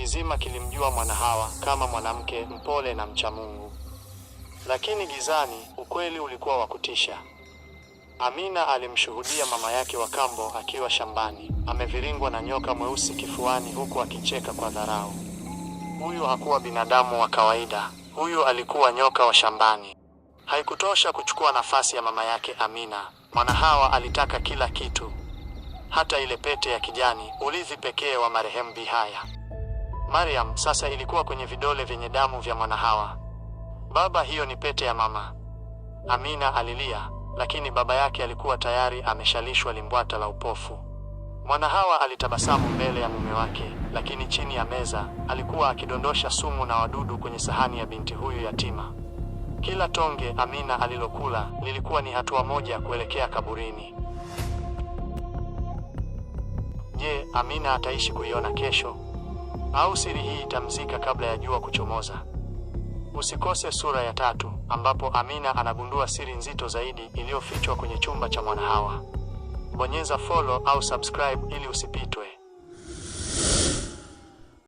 Kizima kilimjua Mwanahawa kama mwanamke mpole na mcha Mungu, lakini gizani ukweli ulikuwa wa kutisha. Amina alimshuhudia mama yake wa kambo akiwa shambani ameviringwa na nyoka mweusi kifuani, huku akicheka kwa dharau. Huyu hakuwa binadamu wa kawaida, huyu alikuwa nyoka wa shambani. Haikutosha kuchukua nafasi ya mama yake Amina, Mwanahawa alitaka kila kitu, hata ile pete ya kijani, urithi pekee wa marehemu Bihaya. Mariam sasa ilikuwa kwenye vidole vyenye damu vya mwana Hawa. Baba, hiyo ni pete ya mama. Amina alilia, lakini baba yake alikuwa tayari ameshalishwa limbwata la upofu. Mwana Hawa alitabasamu mbele ya mume wake, lakini chini ya meza alikuwa akidondosha sumu na wadudu kwenye sahani ya binti huyu yatima. Kila tonge Amina alilokula lilikuwa ni hatua moja kuelekea kaburini. Je, Amina ataishi kuiona kesho? au siri hii itamzika kabla ya jua kuchomoza. Usikose sura ya tatu ambapo Amina anagundua siri nzito zaidi iliyofichwa kwenye chumba cha Mwanahawa. Bonyeza follow au subscribe ili usipitwe.